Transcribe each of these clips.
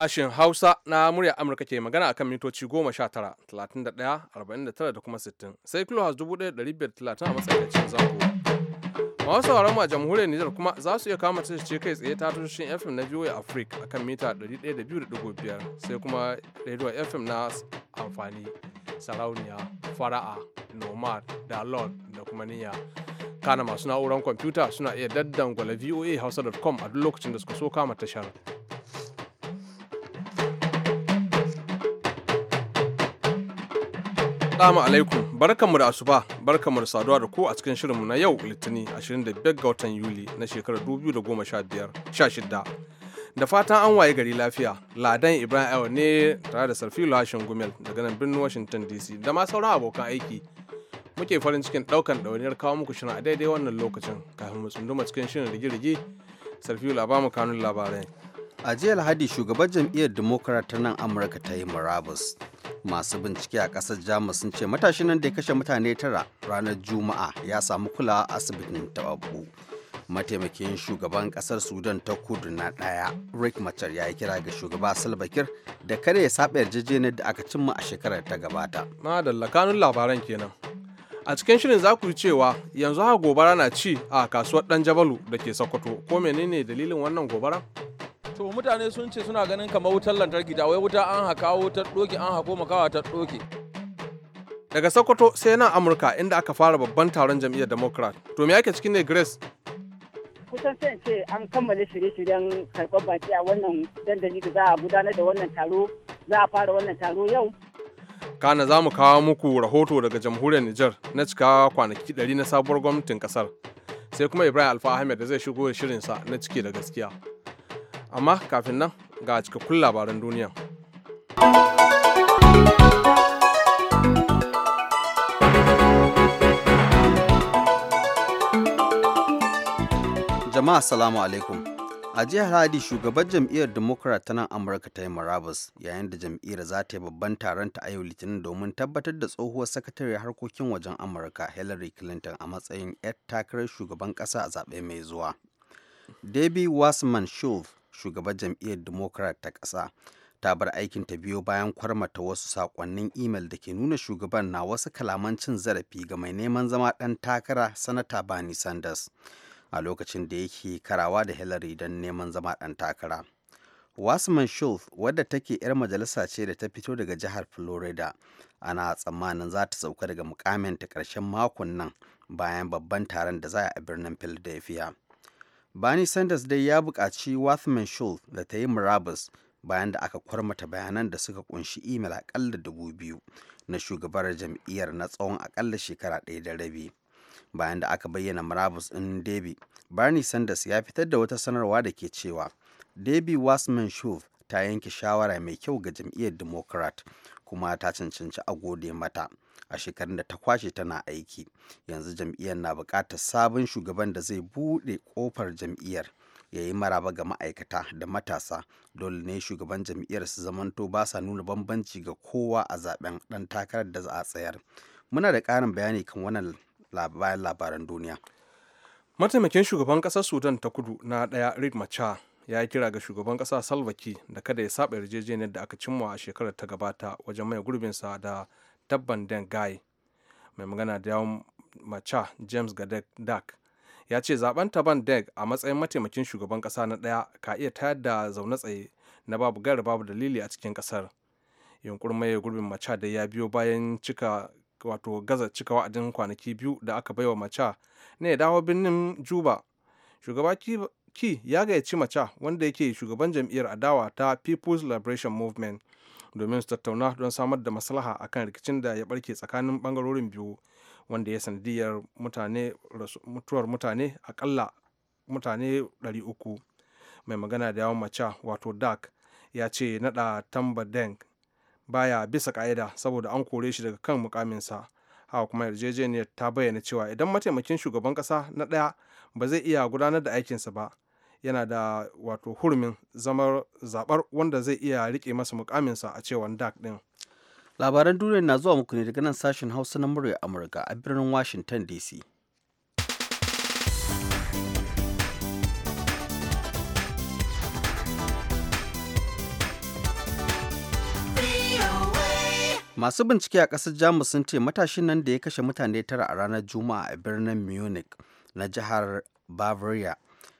Ashin Hausa na murya Amurka ke magana akan mitoci sha tara talatin da kuma 60, sai dubu ɗaya kilohaz talatin a matsakaicin zango. Masu sauraron a jamhuriyar Nijar kuma za su iya kama ce kai tsaye ta tushen FM na VOA Africa akan mita 102.5 sai kuma rediyon FM na amfani. sarauniya fara'a nomad da lord da kuma niyya kana masu na'urar kwamfuta suna iya daddangwala voa hausa.com a duk lokacin da suka so kama tashar Assalamu alaikum barkanmu da asuba barkanmu da saduwa da ku a cikin shirinmu na yau litini 25 ga watan Yuli na shekarar 2016 da fatan an waye gari lafiya ladan ibrahim ayo ne tare da sarfi lashin gumel daga nan birnin washington dc da ma sauran abokan aiki muke farin cikin daukan ɗawainiyar kawo muku shirin a daidai wannan lokacin kafin mu tsunduma cikin shirin rigi-rigi ba mu kanun labarai a jiya hadi shugaban jam'iyyar democrat ta nan amurka ta yi murabus masu bincike a kasar jamus sun ce matashi nan da ya kashe mutane tara ranar juma'a ya samu kulawa asibitin taɓaɓɓu mataimakin shugaban kasar sudan ta kudu na daya rick machar ya yi kira ga shugaba salbakir da kada ya saba yarjejeniyar da aka cimma a shekarar ta gabata madalla kanun labaran kenan a cikin shirin za ku cewa yanzu haka gobara na ci a kasuwar dan jabalu da ke sokoto ko menene dalilin wannan gobara to mutane sun ce suna ganin kamar wutar lantarki da wai wuta an kawo ta doke an hako makawa ta doke daga sokoto sai na amurka inda aka fara babban taron jam'iyyar democrat to me yake cikin ne grace kusan sai ce an kammala shirye-shiryen karɓar baki a wannan dandali da za a gudanar da wannan taro za a fara wannan taro yau kana za mu kawo muku rahoto daga jamhuriyar Nijar na cika kwanaki ɗari na sabuwar gwamnatin ƙasar sai kuma Ibrahim Alfa Ahmed da zai shigo da shirinsa na cike da gaskiya amma kafin nan ga cikakkun labaran duniya. Jama'a salamu alaikum. A jihar Hadi shugaban jam'iyyar Democrat ta nan Amurka ta yi marabus yayin da jam'iyyar za ta yi babban taron ta a yau Litinin domin tabbatar da tsohuwar sakatare harkokin wajen Amurka Hillary Clinton a matsayin 'yar takarar shugaban kasa a zaɓe mai zuwa. Debbie wasman Schultz, shugaban jam'iyyar Democrat ta ƙasa, ta bar aikin ta biyo bayan kwarmata wasu sakonnin imel da ke nuna shugaban na wasu kalaman cin zarafi ga mai neman zama ɗan takara sanata Bernie Sanders. a lokacin da yake karawa da hillary don neman zama ɗan takara wasman schultz wadda take 'yar majalisa ce da ta fito daga jihar florida ana tsammanin za ta sauka daga mukaminta ƙarshen makon nan bayan babban taron da za a birnin philadelphia Bernie Sanders dai ya buƙaci Wasman Schultz da ta yi murabus bayan da aka kwarmata bayanan da suka kunshi imel aƙalla dubu biyu na shugabar jam'iyyar na tsawon aƙalla shekara ɗaya da rabi. bayan da aka bayyana marabus ɗin debi bernie sanders ya fitar da wata sanarwa da ke cewa debi wasman shuv ta yanke shawara mai kyau ga jam'iyyar democrat kuma ta cancanci a gode mata a shekarun da ta kwashe tana aiki yanzu jam'iyyar na buƙatar sabon shugaban da zai buɗe ƙofar jam'iyyar ya yi maraba ga ma'aikata da matasa dole ne shugaban jam'iyyar su zamanto ba sa nuna bambanci ga kowa a zaben ɗan takarar da za a tsayar muna da ƙarin bayani kan wannan bayan labaran duniya mataimakin shugaban ƙasar sudan ta kudu na ɗaya rick macha ya yi kira ga shugaban kasa salvaki da kada ya saba yarjejeniyar da aka cimma a shekarar ta gabata wajen mai gurbinsa da dabban den guy mai magana da yawon macha james gadek dak ya ce zaben taban deg a matsayin mataimakin shugaban kasa na ɗaya ka iya tayar da zaune tsaye na babu gara babu dalili a cikin kasar yunkurin maye gurbin macha da ya biyo bayan cika wato gaza cika wa'adin kwanaki biyu da aka baiwa maca na ya dawo birnin juba shugaba ki ya gayyaci maca wanda yake shugaban jam'iyyar adawa ta people's liberation movement domin su tattauna don samar da maslaha a kan rikicin da ya barke tsakanin bangarorin biyu wanda ya sanadiyar mutuwar mutane akalla mutane 300 mai magana da yawon maca wato dak ya ce nada tamba deng baya bisa ka'ida saboda an kore shi daga kan mukaminsa haka kuma yarjejeniyar ta bayyana cewa idan mataimakin shugaban kasa na ɗaya ba zai iya gudanar da aikinsa ba yana da wato hurumin zamar zabar wanda zai iya rike masa mukaminsa a cewar dak ɗin. labaran duniya na zuwa muku ne daga nan sashen hausa na murya amurka a birnin washington dc Masu bincike a ƙasar Jamus sun ce matashin nan da ya kashe mutane tara a ranar Juma'a a birnin Munich na jihar Bavaria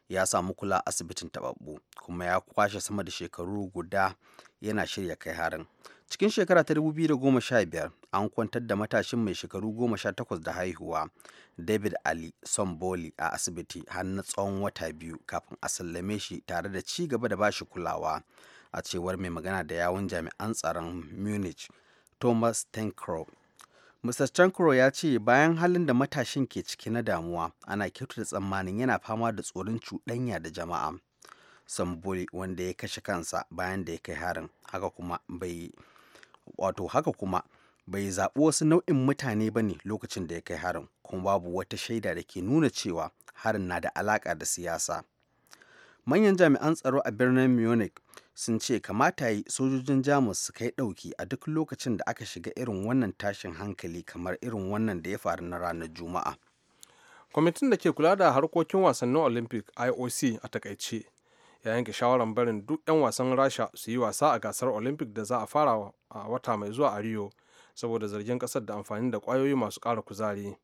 ya samu kula asibitin taɓaɓɓu kuma ya kwashe sama da shekaru guda yana shirya kai harin. Cikin shekara ta 2015 an kwantar da matashin mai shekaru 18 da haihuwa David Ali Somboli a asibiti har tsawon wata biyu kafin a sallame shi tare da ci gaba da bashi kulawa a cewar mai magana da yawun jami'an tsaron Munich thomas tenkro mr tenkro ya ce bayan halin da matashin ke ciki na damuwa ana da tsammanin yana fama da tsoron cuɗanya da jama'a Samboli wanda ya kashe kansa bayan da ya kai harin haka kuma bai wato haka kuma bai zaɓi wasu nau'in mutane ba ne lokacin da ya kai harin kuma babu wata shaida da ke nuna cewa harin na da alaƙa da siyasa manyan jami'an tsaro a birnin munich sun ce kamata yi sojojin jamus su kai dauki a duk lokacin da aka shiga irin wannan tashin hankali kamar irin wannan da ya faru na ranar juma'a kwamitin da ke kula da harkokin wasannin olympic ioc a takaice ya yanke shawarar barin duk 'yan wasan rasha su yi wasa a gasar olympic da za a fara a wata mai zuwa a rio saboda zargin kasar da amfani da kwayoyi masu ƙara kuzari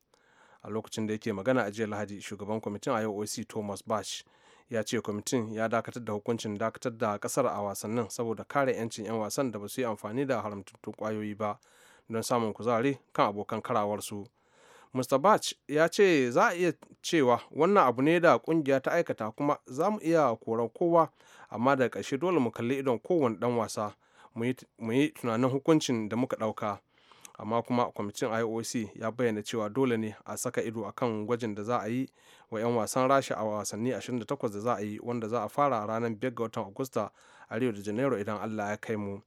a lokacin da yake magana a jiya lahadi shugaban kwamitin ioc thomas bach ya ce kwamitin ya dakatar da hukuncin dakatar da kasar a wasannin saboda kare 'yancin 'yan wasan da ba su yi amfani da haramtattun kwayoyi ba don samun kuzari kan abokan karawarsu mr bach ya ce za a iya cewa wannan abu ne da kungiya ta aikata kuma za mu iya koran kowa amma daga ƙarshe dole mu kalli idon kowane ɗan wasa mu yi tunanin hukuncin da muka ɗauka amma kuma kwamitin ioc ya bayyana cewa dole ne a saka ido a kan gwajin da za a yi wa 'yan wasan rasha a wasanni 28 da za a yi wanda za a fara ranar 5 ga watan agusta a rio de janeiro idan allah ya kai mu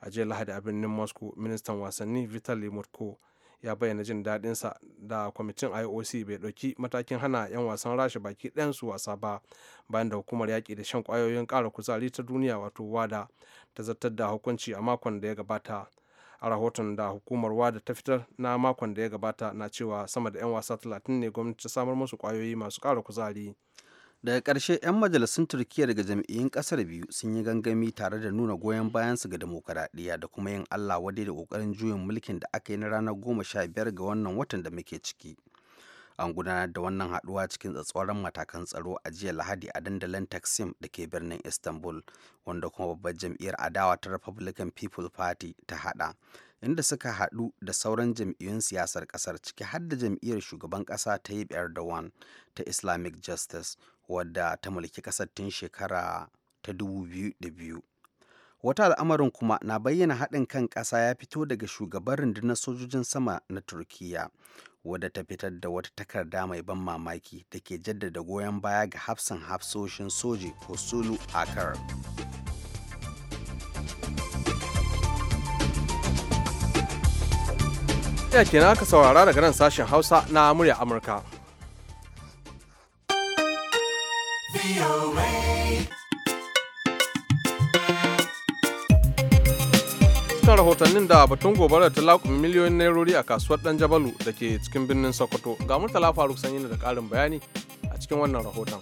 a jiya lahadi a birnin moscow ministan wasanni vitali mutko ya bayyana jin daɗinsa da kwamitin ioc bai ɗauki matakin hana 'yan wasan rasha baki ɗayan su wasa ba bayan da hukumar yaƙi da shan ƙwayoyin ƙara kuzari ta duniya wato wada ta zartar da hukunci a makon da ya gabata a rahoton da hukumar wada ta fitar na makon da ya gabata na cewa sama da 'yan wasa 30 ne gwamnati ta samar musu kwayoyi masu kara kuzari daga ƙarshe 'yan majalisun turkiya daga jam'iyyun ƙasar biyu sun yi gangami tare da nuna goyon bayansu ga demokaradiyya da kuma yin allah wadai da ƙoƙarin juyin mulkin da aka yi na ranar goma sha biyar ga wannan watan da muke ciki an gudanar da wannan haduwa cikin tsatsauran matakan tsaro a jiya lahadi a dandalin taksim da ke birnin istanbul wanda kuma babbar jam'iyyar adawa ta republican people party ta hada inda suka hadu da sauran jam'iyyun siyasar kasar ciki har da jam'iyyar shugaban kasa ta yi erdogan ta islamic justice wadda ta mulki kasar tun shekara ta 2002 wata al'amarin kuma na bayyana haɗin kan ƙasa ya fito daga shugaban rundunar sojojin sama na turkiyya. wadda ta fitar da wata takarda mai ban mamaki da ke jaddada goyon baya ga hafsan hafsoshin soji ko sulu akar ya kenan aka saurara daga nan sashen hausa na murya amurka rahotannin da batun gobara ta laƙumi miliyoyin nairori a kasuwar dan jabalu da ke cikin birnin sokoto ga murtala faruk sanyi da ƙarin bayani a cikin wannan rahoton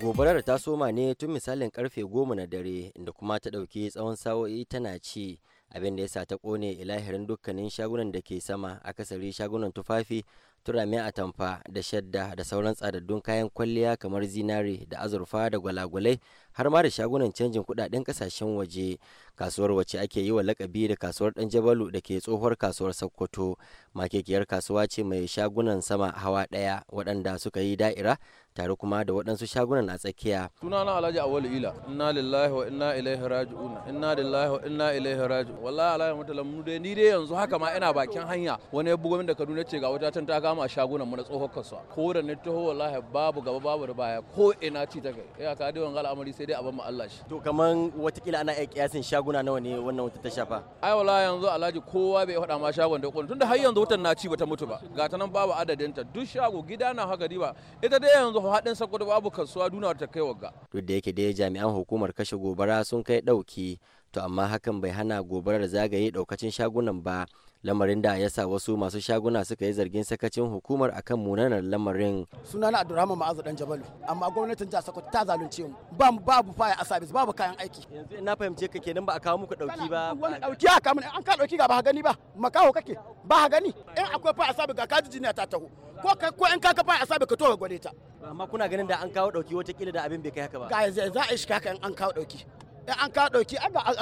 gobarar ta soma ne tun misalin karfe goma na dare da kuma ta ɗauki tsawon sa'o'i tana ci abin da ya sa ta kone ilahirin dukkanin shagunan da ke sama akasari shagunan tufafi turame atamfa da shadda da sauran tsadaddun kayan kwalliya kamar zinari da azurfa da gwalagwalai har ma da shagunan canjin kudaden kasashen waje kasuwar wacce ake yi wa lakabi da kasuwar dan jabalu da ke tsohuwar kasuwar sokoto makekiyar kasuwa ce mai shagunan sama hawa daya waɗanda suka yi da'ira tare kuma da waɗansu shagunan a tsakiya. Sunana Alhaji Awal Ila, inna lillahi wa inna ilaihi raji'un, inna lillahi wa inna ilaihi raji'un. Wallahi Alhaji Mutala mu dai ni dai yanzu haka ma ina bakin hanya wani ya bugo da Kaduna ce ga wata can ta kama a shagunan mu na tsohon kasuwa. Ko da ne taho wallahi babu gaba babu da baya ko ina ci ta kai. Ya ka dai wannan al'amari sai dai a ban mu Allah shi. To kaman watakila ana iya kiyasin shaguna nawa ne wannan wata ta shafa. Ai wallahi yanzu Alhaji kowa bai faɗa ma shagon da kun tunda har yanzu wutan na ci bata mutu ba. Ga ta nan babu ta duk shago gida na haka diba. Ita dai yanzu faɗin sakkwato babu kasuwa duna ta kai wagga. Duk da yake dai jami'an hukumar kashe gobara sun kai ɗauki to amma hakan bai hana gobarar zagaye daukacin shagunan ba lamarin da ya sa wasu masu shaguna suka yi zargin sakacin hukumar akan munanan lamarin sunana adurama ma'azu dan jabalu amma gwamnatin jihar sokoto ta zalunce mu ba mu babu faya a sabis babu kayan aiki yanzu ina fahimce ka kenan ba a kawo muku dauki ba wani dauki a kawo an ka dauki ga ba gani ba makaho kake ba gani in akwai faya a sabis ga kaji jiniya ta taho ko kai ko in ka kafa a sabe ka to ga ta amma kuna ganin da an kawo dauki wata kila da abin bai kai haka ba ga za a yi shi haka in an kawo dauki in an ka dauki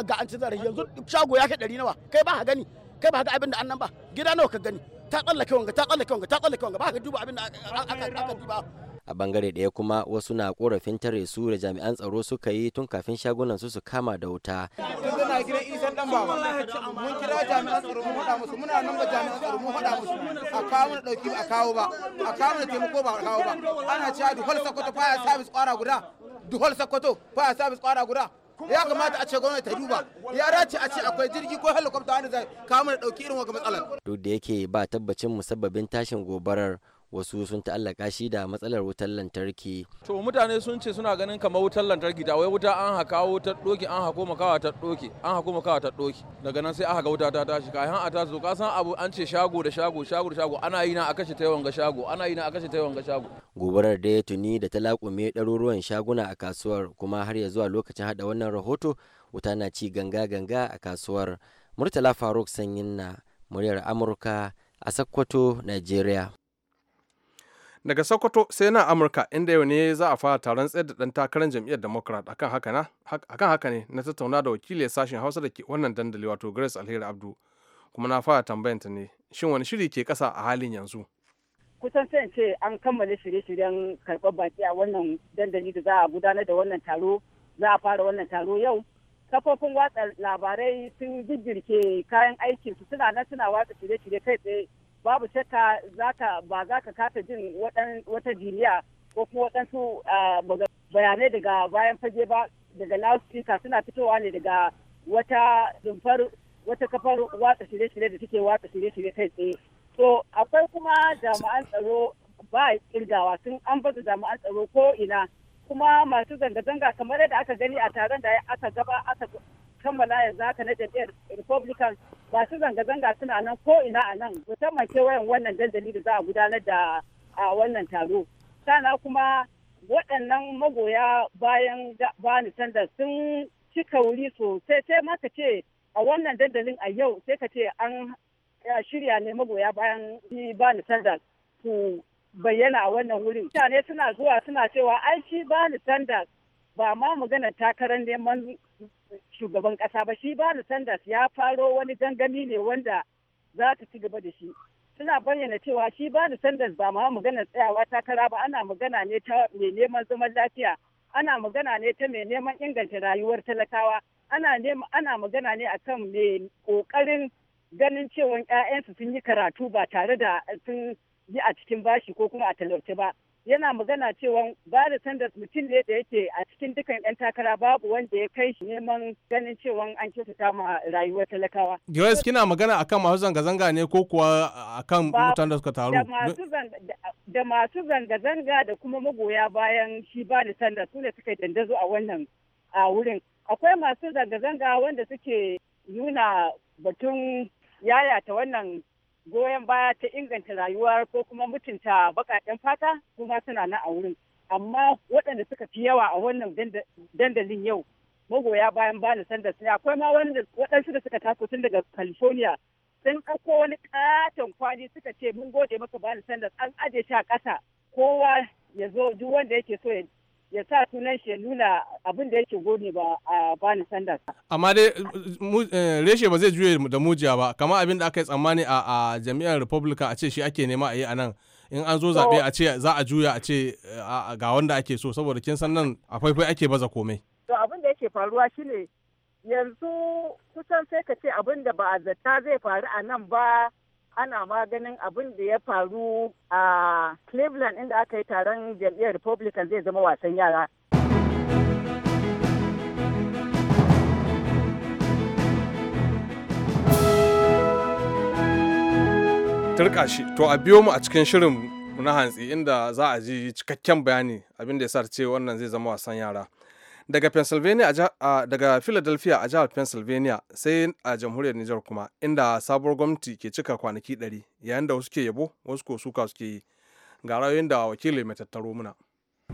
ga an ci zarafi yanzu shago ya kai ɗari nawa kai ba ka gani kai ba ka abin da annan ba gida nawa ka gani ta tsallake wanga ta tsallake wanga ta tsallake wanga ba ka duba abin da aka duba a bangare ɗaya kuma wasu na korafin tare su da jami'an tsaro suka yi tun kafin shagunan su su kama da wuta. yanzu na gidan isan dan baba mun kira jami'an tsaro mun hada musu muna nan ba jami'an tsaro mun hada musu a kawo mana ɗauki a kawo ba a kawo mana taimako ba a kawo ba ana cewa duhol sakkwato fire service kwara guda duhol sakkwato fire service kwara guda ya kamata a ce gwamnati ta duba ya dace a ce akwai jirgi ko helicopter wanda zai kawo da dauki irin wata matsalar duk da yake ba tabbacin musabbabin tashin gobarar wasu sun ta'allaka shi da matsalar wutar lantarki. To mutane sun ce suna ganin kamar wutar lantarki da wai wuta an hakawo ta doki an kuma kawa ta doki an kuma kawa ta doki daga nan sai aka ga wuta ta tashi kai han a ta zo ka san abu an ce shago da shago shago da shago ana yi na a kashe ta ga shago ana yi na a kashe ta ga shago. Gobarar da ya tuni da ta laƙume ɗaruruwan shaguna a kasuwar kuma har ya zuwa lokacin hada wannan rahoto wuta na ci ganga ganga a kasuwar. Murtala Faruk Sanyin na muryar Amurka a Sokoto, Najeriya. daga sokoto sai na amurka inda yau ne za a fara taron tsayar da dan takarar jam'iyyar democrat akan haka ne na tattauna da wakili sashen hausa da ke wannan dandali wato grace alheri abdu kuma na fara ta ne shin wani shiri ke kasa a halin yanzu kusan sai ce an kammala shirye-shiryen karɓar baki a wannan dandali da za a gudanar da wannan taro za a fara wannan taro yau kafofin watsa labarai sun jirgirke kayan aikin su suna nan suna watsa shirye-shirye kai tsaye babu shakka zaka ba za ka kasa jin wata jiniya ko kuma waɗansu bayanai daga bayan fage ba daga loudspeaker suna fitowa ne daga wata zumfar wata kafar watsa shirye-shirye da take watsa shirye-shirye kai tsaye to akwai kuma jami'an tsaro ba kirgawa sun an baza jami'an tsaro ko ina kuma masu zanga-zanga kamar yadda aka gani a taron da aka gaba aka kammala ya zaka na jam'iyyar republican masu zanga-zanga suna nan ko ina a nan musamman kewayen wannan dandali da za a gudanar da a wannan taro sana kuma waɗannan magoya bayan bani sanda sun cika wuri sosai sai ma ka ce a wannan dandalin a yau sai ka ce an shirya ne magoya bayan bani sanda su bayyana a wannan wurin mutane suna zuwa suna cewa ai shi bani sanda ba ma maganar takarar neman shugaban ƙasa ba shi ba Sanders ya faro wani gangami ne wanda za ta ci gaba da shi suna bayyana cewa shi ba Sanders ba ma magana tsayawa takara ba ana magana ne ta mai neman zaman lafiya ana magana ne ta mai neman inganta rayuwar talakawa ana ana magana ne akan mai kokarin ganin cewa 'ya'yansu sun yi karatu ba tare da sun yi a cikin bashi ko kuma a talauce ba yana magana cewa Bari Sanders mutum ne da yake a cikin dukkan 'yan takara babu wanda ya kai shi neman ganin cewa an kyautata ma rayuwar talakawa. Yawai kina magana akan masu zanga-zanga ne ko kuwa akan mutanen da suka taru? Da masu zanga-zanga da kuma magoya bayan shi Bari Sanders su ne suka dandazo a wannan a wurin. Akwai masu zanga-zanga wanda suke nuna batun yaya ta wannan goyon baya ta inganta rayuwar ko kuma mutunta baƙaƙen fata kuma suna na a wurin amma waɗanda suka fi yawa a wannan dandalin yau magoya bayan bani sanda sai akwai ma waɗansu da suka taso tun daga california sun ɗauko wani katon kwani suka ce mun gode maka bani sanda an aje shi a ƙasa kowa ya zo duk wanda yake so ya ya sa sunan shi nuna abin da yake gode ba a bani sanders amma dai eh, reshe ba zai juye da mujiya ba kamar abin da aka yi tsammani a jami'ar republican a ce shi ake nema a yi a nan in an zo zaɓe a ce za a juya a ce eh, ga wanda ake so saboda kin san nan a faifai ake baza komai to abin da yake faruwa shine yanzu kusan sai ka ce abin da ba a zata zai faru a nan ba ana maganin abin da ya faru a cleveland inda aka yi taron jam'iyyar republican zai zama wasan yara turka to a biyo mu a cikin shirin na hantsi inda za a ji cikakken bayani abinda ya sa ce wannan zai zama wasan yara daga pennsylvania daga philadelphia a jihar pennsylvania sai a jamhuriyar niger kuma inda sabuwar gwamnati ke cika kwanaki 100 yayin da wasu ke yabo wasu ko suka suke yi ga ra'ayoyin da wakilin mai tattaro muna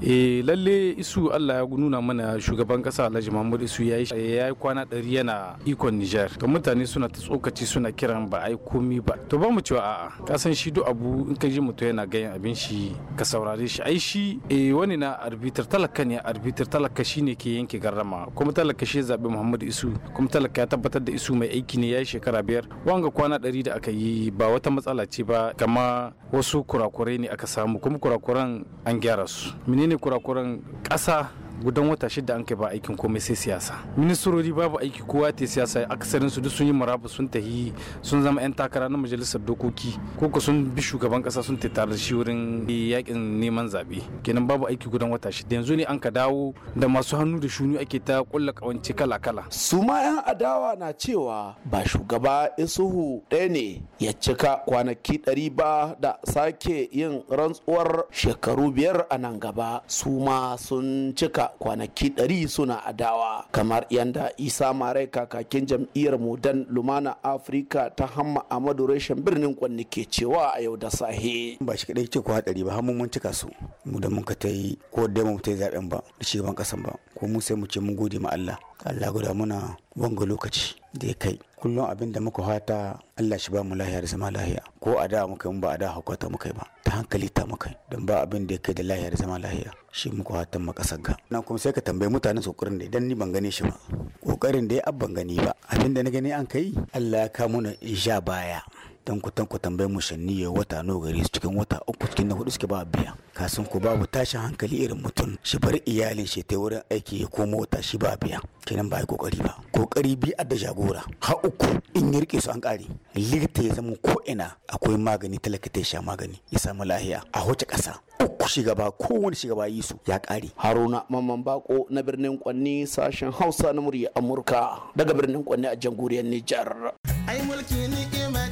e lalle isu allah ya nuna mana shugaban kasa alhaji mahmud isu eh, ya yi kwana ɗari yana ikon nijar to mutane suna ta tsokaci suna kiran ba ai komi ba to ba mu cewa a'a kasan shi duk abu in ka ji mutum yana gayan abin shi ka saurare shi ai shi e wani na arbitar talaka ne arbitar talaka shi ne ke yanke garrama kuma talaka shi zaɓi mahmud isu kuma talaka ya tabbatar da isu mai aiki ne ya yi shekara biyar wanga kwana ɗari da aka yi ba wata matsala ce ba kama wasu kurakurai ne aka samu kuma kurakuran an gyara su menene menene kurakuran ƙasa gudan wata shida an kai ba aikin komai sai siyasa ministrori babu aiki kowa ta siyasa akasarin su duk sun yi marabu sun tahi sun zama yan takara na majalisar dokoki ko ko sun bi shugaban kasa sun ta tare shi wurin yakin neman zabe kenan babu aiki gudan wata shida yanzu ne an ka dawo da masu hannu da shuni ake ta kulla kawance kala kala su ma yan adawa na cewa ba shugaba isuhu ɗaya ne ya cika kwanaki ɗari ba da sake yin rantsuwar shekaru biyar a nan gaba su ma sun cika kwanaki ɗari suna adawa kamar yanda isa marai kakakin jam'iyyar mudan lumana afirka ta hamma amadu reshen birnin kwanni ke cewa a yau da sahe ba shi kadai ce kwa ɗari ba har mun cika su mu da mun ka ta yi ko da mu ta yi zaben ba da ban kasan ba ko mu sai mu ce mun gode ma Allah Allah guda muna wanga lokaci da ya kai kullum abin da muka fata Allah shi ba mu lahiya da zama lahiya ko a da muka ba a da hakwata muka ba ta hankali ta muka don ba abin da ya kai da lahiya da zama lahiya shi muka mu kasar ga nan kuma sai ka tambayi mutanen su kokarin da idan ni ban gane shi ba kokarin da ya abban gani ba abin da na gani an kai Allah ya kawo mana sha baya dan ku tanku tambayar mu shanni ya wata no gari su cikin wata uku cikin na hudu suke ba biya kasan ku babu tashin hankali irin mutum shi bar iyalin shi ta wurin aiki ya koma wata shi ba biya kenan ba kokari ba kokari bi da jagora ha uku in ya rike su an kare likita ya zama ko ina akwai magani talaka ta sha magani ya samu lahiya a wace kasa uku shugaba kowane shugaba yi su ya kare haruna mamman bako na birnin kwanni sashen hausa na murya amurka daga birnin kwanni a jamhuriyar nijar ai mulki ni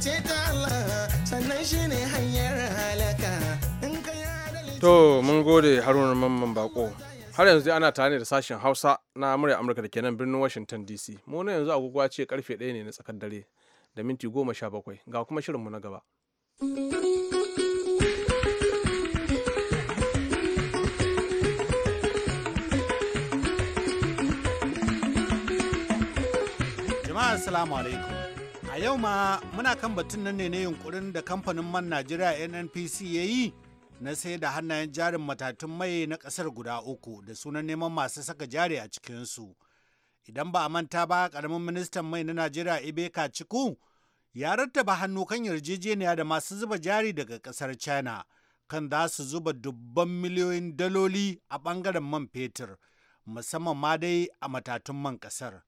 ce ta sannan shi ne hanyar halaka to mun gode haruna mamman bako har yanzu ana tare da sashen hausa na murya amurka da kenan birnin washington dc mu na yanzu aguguwa ce karfe ɗaya ne na tsakar dare da minti goma sha bakwai ga kuma shirin mu na gaba jama'a assalamu alaikum A yau ma muna kan batun nan ne na yunkurin da kamfanin man Najeriya NNPC ya yi na sai da hannayen jarin matatun mai na kasar guda uku da sunan neman masu saka jari a cikinsu. Idan ba a manta ba karamin ministan mai na Najeriya ka Ciku ya rattaba hannu kan yarjejeniya da masu zuba jari daga kasar China kan za su zuba dubban miliyoyin daloli a bangaren man fetur musamman ma dai a matatun man kasar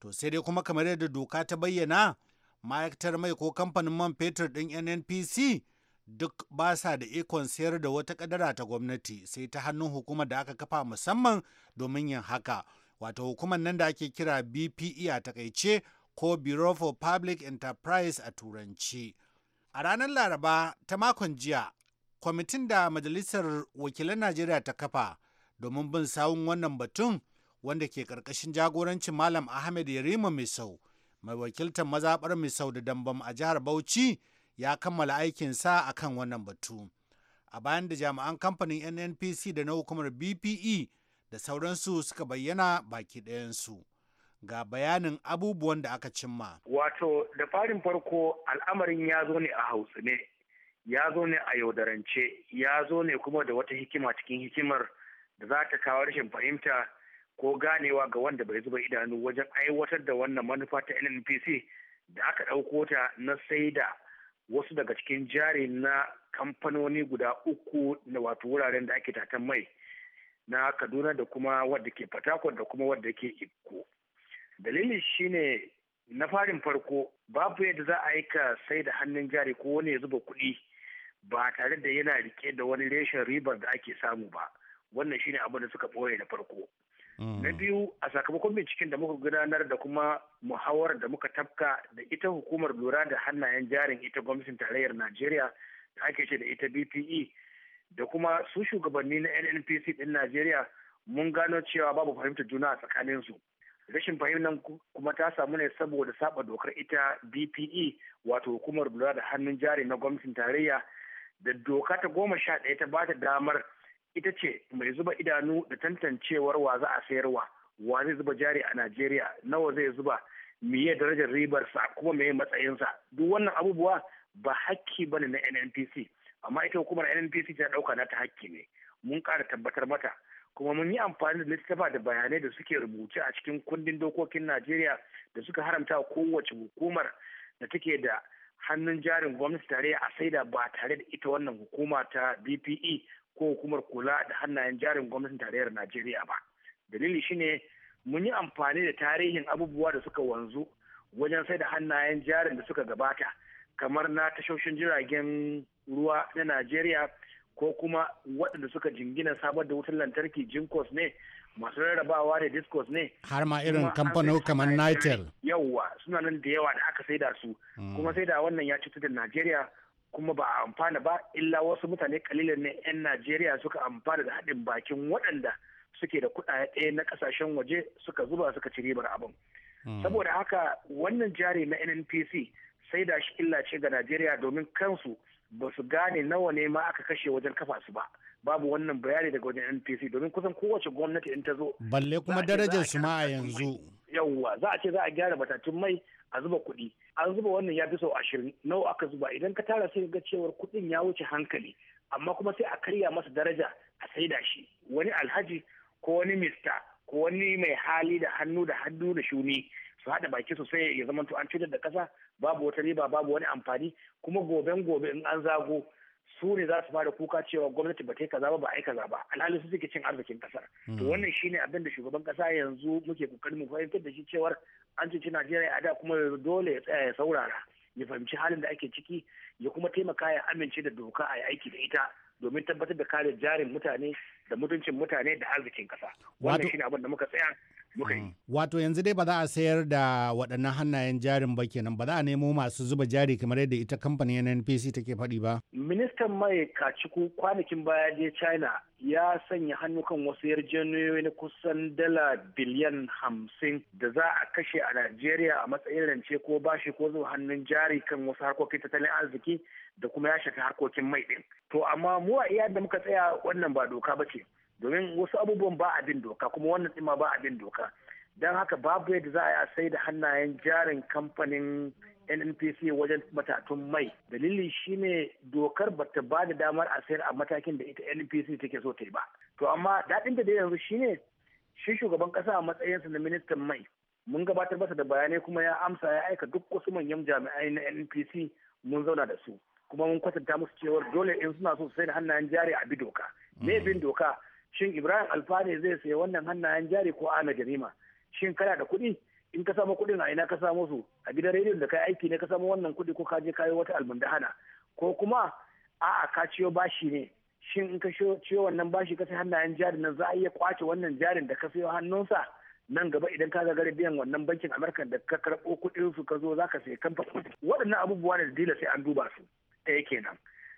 To sai dai kuma kamar yadda doka ta bayyana ma'aikatar mai ko kamfanin man fetur ɗin nnpc duk ba sa da ikon sayar da wata kadara ta gwamnati sai ta hannun hukumar da aka kafa musamman domin yin haka wato hukumar nan da ake kira bpe a takaice ko bureau for public enterprise a turanci a ranar laraba ta makon jiya kwamitin da majalisar wakilan najeriya ta kafa domin bin sawun wannan batun wanda ke karkashin jagorancin malam ahmed yarima mai sau mai wakiltar mazaɓar misau da dambam a jihar bauchi ya kammala aikinsa a kan wannan batu a bayan da jami'an kamfanin nnpc da na hukumar bpe da sauransu suka bayyana baki ɗayansu ga bayanin abubuwan da aka cimma wato da farin farko al'amarin ya zo ne a hausa ne ya zo ne a yaudarance ya zo ne kuma da wata hikima cikin hikimar da za ta kawo rashin fahimta ko ganewa ga wanda bai zuba idanu wajen aiwatar da wannan manufa ta nnpc da aka ɗauko ta na saida wasu daga cikin jari na kamfanoni guda uku na wato wuraren da ake tatan mai na kaduna da kuma wadda ke fatakwal da kuma wadda ke ikko dalili shine na farin farko babu yadda za a ka sai da hannun jari ko wani ya zuba kuɗi ba tare da yana rike da wani reshen ribar da ake samu ba wannan shine abin da suka ɓoye na farko Mm. na biyu a sakamakon binciken da muka gudanar da kuma muhawar da muka tafka da ita hukumar lura da hannayen jarin ita gwamnatin tarayyar najeriya da ake ce da ita bpe da kuma su shugabanni na nnpc din najeriya mun gano cewa babu fahimtar juna a su rashin fahimtar kuma ta samu ne saboda saba dokar ita bpe wato hukumar lura da hannun jari na gwamnatin tarayya da doka ta goma sha ɗaya ta bata damar ita ce mai zuba idanu da tantancewar wa za a sayarwa wa zai zuba jari a najeriya nawa zai zuba miye darajar ribarsa kuma meye matsayinsa duk wannan abubuwa ba hakki ba ne na nnpc amma ita hukumar nnpc ta ɗauka na ta hakki ne mun kara tabbatar mata kuma mun yi amfani da littafa da bayanai da suke rubuce a cikin kundin dokokin najeriya da suka haramta kowace hukumar da take da hannun jarin gwamnati tare a saida ba tare da ita wannan hukuma ta bpe ko hukumar kula da hannayen jarin gwamnatin tarayyar Najeriya ba. Dalili shine mun yi amfani da tarihin abubuwa da suka wanzu wajen sai da hannayen jarin da suka gabata kamar na tashoshin jiragen ruwa na Najeriya ko kuma waɗanda suka jingina samar da wutar lantarki jinkos ne masu rarrabawa da discos ne har ma irin kamfano kamar nitel yawwa suna nan da yawa da aka saida su hmm. kuma sai da wannan ya cutar da najeriya kuma ba a amfana ba illa wasu mutane kalilan ne 'yan najeriya suka amfana da haɗin bakin waɗanda suke da kuɗaɗe na kasashen waje suka zuba suka ci ribar abin hmm. saboda haka wannan jari na nnpc sai da shi illa ce ga najeriya domin kansu ba su gane nawa ne ma aka kashe wajen kafa su ba babu wannan bayani daga wajen npc domin kusan kowace gwamnati in ta zo balle kuma darajar su ma a yanzu yawwa za a ce za a gyara batatun mai a zuba kuɗi an zuba wannan ya fi sau ashirin nawa aka zuba idan ka tara sai ga cewar kuɗin ya wuce hankali amma kuma sai a karya masa daraja a saida shi wani alhaji ko wani mista ko wani mai hali da hannu da hannu da shuni su haɗa baki sosai ya zama to an cutar da ƙasa babu wata riba babu wani amfani kuma goben gobe in an zago su ne za su fara kuka cewa gwamnati ba ta yi kaza ba ba a yi kaza ba alhali su suke cin arzikin kasar to hmm. wannan shine abin da shugaban kasa yanzu muke kokarin mu fahimtar da shi cewar an cuci Najeriya a da kuma dole ya tsaya ya saurara ya fahimci halin da ake ciki ya kuma taimaka ya amince da doka a yi aiki da ita domin tabbatar da kare jarin mutane da mutuncin mutane da arzikin kasa wannan shine abin da muka tsaya Mm. Wato yanzu dai ba za a sayar da waɗannan hannayen jarin ba kenan ba za a nemo masu zuba jari kamar yadda ita kamfanin NNPC take faɗi ba. Ministan mai kaciku kwanakin baya je China ya sanya hannu kan wasu yarjejeniyoyi na kusan dala biliyan hamsin da za a kashe a Najeriya a matsayin rance ko bashi ko zuba hannun jari kan wasu harkokin tattalin arziki da kuma ya shafi harkokin mai ɗin. To amma mu a iya da muka tsaya wannan ba doka ba ce. domin wasu abubuwan ba a bin doka kuma wannan ɗin ma ba a bin doka don haka babu yadda za a sai da hannayen jarin kamfanin nnpc wajen matatun mai dalili shine dokar ba ta ba da damar a sayar a matakin da ita nnpc take so ta yi ba to amma daɗin da yanzu shine shi shugaban ƙasa a matsayinsa na ministan mai mun gabatar masa da bayanai kuma ya amsa ya aika duk wasu manyan jami'ai na npc mun zauna da su kuma mun kwatanta musu cewar dole in suna so sai da hannayen jari a bi doka ne bin doka shin ibrahim alfani zai sayi wannan hannayen jari ko ana jarima shin kana da kuɗi in ka samu kuɗin a ina ka samu su a gidan rediyon da kai aiki ne ka samu wannan kuɗi ko ka je kayo wata almundahana ko kuma a'a ka ciyo bashi ne shin in ka ciyo wannan bashi ka sai hannayen jari nan za a iya kwace wannan jarin da ka sayo hannunsa nan gaba idan ka zagare biyan wannan bankin amurka da ka karɓo kuɗin su ka zo za ka sayi kamfani waɗannan abubuwa ne da dila sai an duba su ɗaya kenan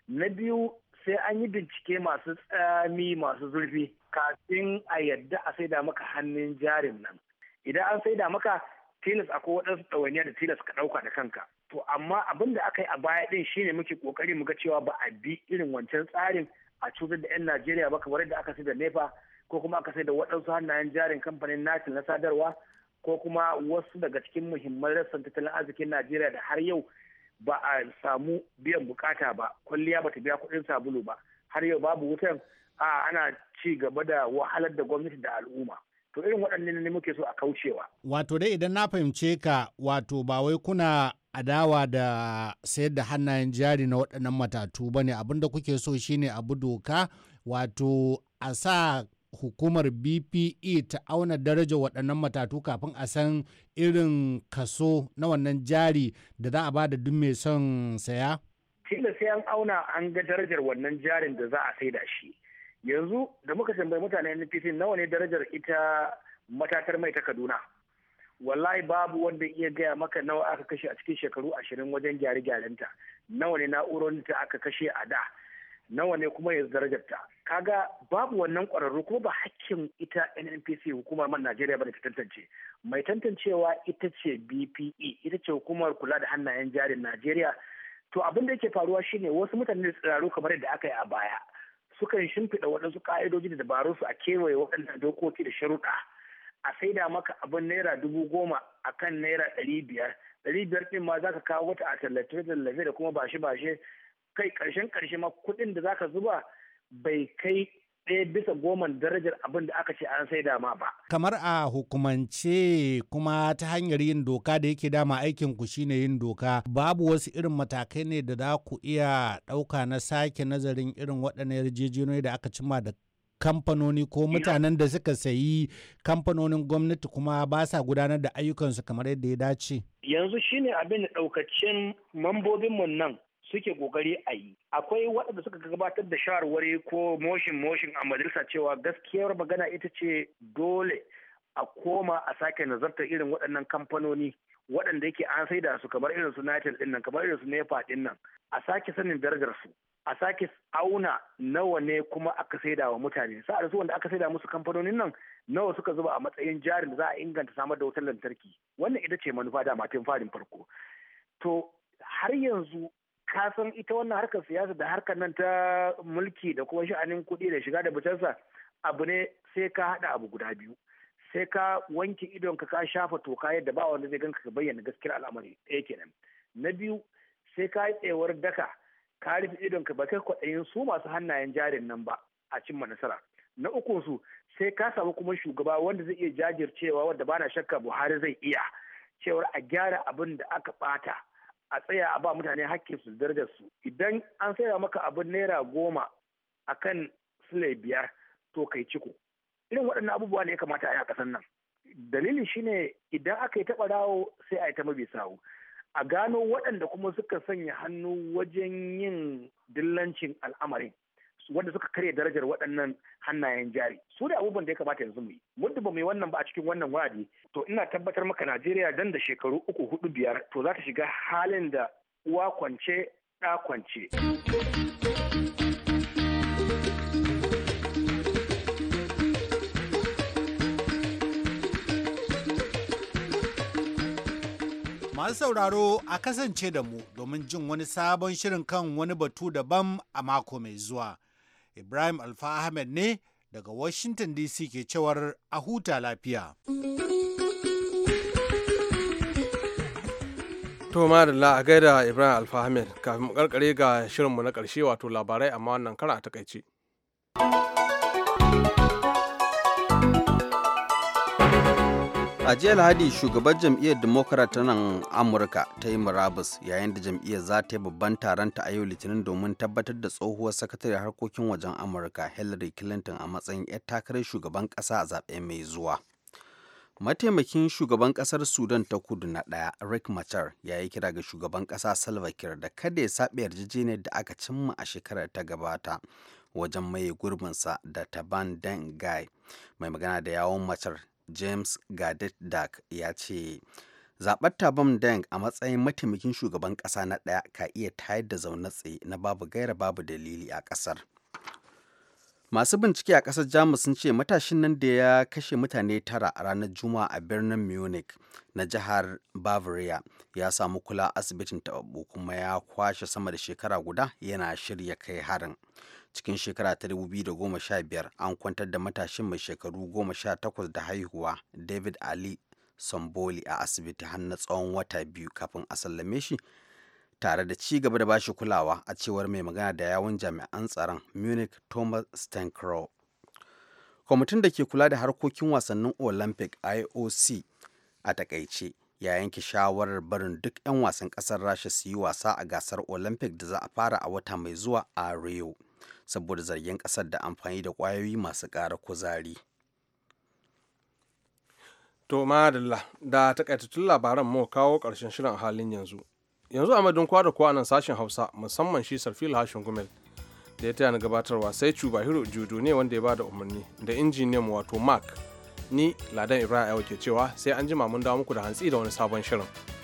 na biyu sai an yi bincike masu tsami masu zurfi kafin a yadda a saida maka hannun jarin nan idan an saida maka tilas akwai waɗansu ɗawainiya da tilas ka ɗauka da kanka to amma abin da aka yi a baya ɗin shine muke ƙoƙari muga cewa ba a bi irin wancan tsarin a cutar da 'yan najeriya ba kamar yadda aka sai da nepa ko kuma aka sai da waɗansu hannayen jarin kamfanin nashin na sadarwa ko kuma wasu daga cikin muhimman rassan tattalin arzikin najeriya da har yau ba a samu biyan bukata ba kwalliya ba ta biya kuɗin sabulu ba har yau babu wutan a ana ci gaba da wahalar da gwamnati da al'umma to irin waɗannan ne muke so a kaucewa wato dai idan na fahimce ka wato ba wai kuna adawa da sayar da hannayen jari na waɗannan matatu ba ne abinda kuke so shine abu doka wato a sa hukumar bpe ta auna daraja waɗannan matatu kafin a san irin kaso na wannan jari da za a ba da duk mai son saya? tilas sai an auna an ga darajar wannan jarin da za a saida shi yanzu da muka tambayi mutane npc nawa ne darajar ita matatar mai ta kaduna wallahi babu wanda iya gaya maka nawa aka kashe a cikin shekaru ashirin wajen gyare gyarenta nawa ne na'urorin ta aka kashe a da nawa ne kuma ya darajarta kaga babu wannan kwararru kuma ba hakkin ita nnpc hukumar man najeriya ba da ta tantance mai tantancewa ita ce bpe ita ce hukumar kula da hannayen jarin najeriya to abin da yake faruwa shine wasu mutane tsiraru kamar yadda aka yi a baya sukan shimfiɗa waɗansu ƙa'idoji da dabarun su a kewaye waɗannan dokoki da sharuɗa a saida maka abin naira dubu goma akan naira ɗari biyar ɗari biyar ɗin ma za ka kawo wata a tallace tallafe da kuma bashe bashe kai karshen karshe ma kuɗin da zaka zuba bai kai ɗaya bisa goman darajar abin da aka ce an sai dama ba. Kamar a hukumance kuma ta hanyar yin doka da yake dama aikin ku shine yin doka babu wasu irin matakai ne da za ku iya ɗauka na sake nazarin irin waɗannan yarjejeniyoyi da aka cimma da kamfanoni ko mutanen da suka sayi kamfanonin gwamnati kuma ba sa gudanar da ayyukansu kamar yadda ya dace. Yanzu shine abin da ɗaukacin mambobinmu nan suke kokari a yi akwai waɗanda suka gabatar da shawarwari ko moshin moshin a majalisa cewa gaskiyar magana ita ce dole a koma a sake nazartar irin waɗannan kamfanoni waɗanda yake an saida su kamar irin su natal din nan kamar irin su Nepa din nan a sake sanin darajar su a sake auna nawa ne kuma aka saida wa mutane sa'ar su wanda aka saida musu kamfanonin nan nawa suka zuba a matsayin jarin da za a inganta samar da wutar lantarki wannan ita ce manufa da matin farin farko to har yanzu ka san ita wannan harkar siyasa da harkar nan ta mulki da kuma sha'anin kuɗi da shiga da fitarsa abu ne sai ka haɗa abu guda biyu sai ka wanke idon ka shafa toka yadda ba wanda zai ganka ka bayyana gaskiyar al'amari ɗaya kenan na biyu sai ka yi tsayawar daka ka rufe idon ka ba kai kwaɗayin su masu hannayen jarin nan ba a cimma nasara na uku su sai ka samu kuma shugaba wanda zai iya jajircewa wanda bana shakka Buhari zai iya cewar a gyara abin da aka ɓata a tsaya a ba mutane hakkin su darda su idan an saya maka abin naira goma a kan silai biyar to kai ciko irin waɗannan abubuwa ne ya kamata a yi a ƙasar nan dalilin shine idan aka yi taɓa rawo sai a yi ta mabi sawu a gano waɗanda kuma suka sanya hannu wajen yin dillancin al'amarin wanda suka karya darajar waɗannan hannayen jari su da abubuwan da ya kamata yanzu mu yi muddin ba mu yi wannan ba a cikin wannan wa'adi to ina tabbatar maka Najeriya dan da shekaru uku hudu biyar to za ta shiga halin da uwa kwance ɗa kwance. Masu sauraro a kasance da mu domin jin wani sabon shirin kan wani batu daban a mako mai zuwa. Ibrahim Alfa Ahmed ne daga Washington DC ke cewar a huta lafiya. To madalla a gaida Ibrahim Alfa Ahmed kafin mu karkare ga shirinmu na ƙarshe wato labarai amma wannan kara a takaice. a jiya lahadi shugabar jam'iyyar democrat ta amurka ta yi murabus yayin da jam'iyyar za ta yi babban taronta a yau litinin domin tabbatar da tsohuwar sakatare harkokin wajen amurka hillary clinton a matsayin 'yar takarar shugaban kasa a zaɓe mai zuwa mataimakin shugaban kasar sudan ta kudu na ɗaya rick machar ya yi kira ga shugaban kasa salva kiir da kada ya saɓa yarjejeniyar da aka cimma a shekarar ta gabata wajen maye gurbinsa da taban guy mai magana da yawon macar james gadet dak ya ce zaɓar tabam deng a matsayin mataimakin shugaban ƙasa na ɗaya ka iya tayar da zaune tsaye na babu gaira babu dalili a ƙasar masu bincike a ƙasar jamus sun ce matashin nan da ya kashe mutane tara a ranar juma'a a birnin munich na jihar bavaria ya samu kula asibitin taɓaɓɓu kuma ya kwashe sama da shekara guda yana shirya kai harin cikin shekara ta 2015 an kwantar da matashin mai shekaru 18 da haihuwa david ali samboli a asibiti har tsawon wata biyu kafin a sallame shi tare da ci gaba da bashi kulawa a cewar mai magana da yawon jami'an tsaron munich thomas stankrow kwamitin da ke kula da harkokin wasannin olympic ioc a takaice ya yanke shawarar barin duk 'yan wasan kasar rasha su yi wasa a gasar olympic da za a fara a wata mai zuwa a rio saboda zargin ƙasar da amfani da kwayoyi masu kara kuzari. To madalla da takaitattun labaran mu kawo ƙarshen shirin halin yanzu. Yanzu a madun kwa da nan sashen Hausa musamman shi Sarfil Hashin Gumel da ya taya na gabatarwa sai cuba Cubahiro Judo ne wanda ya bada umarni da injiniyan mu wato Mark ni Ladan Ibrahim ke cewa sai an jima mun dawo muku da hantsi da wani sabon shirin.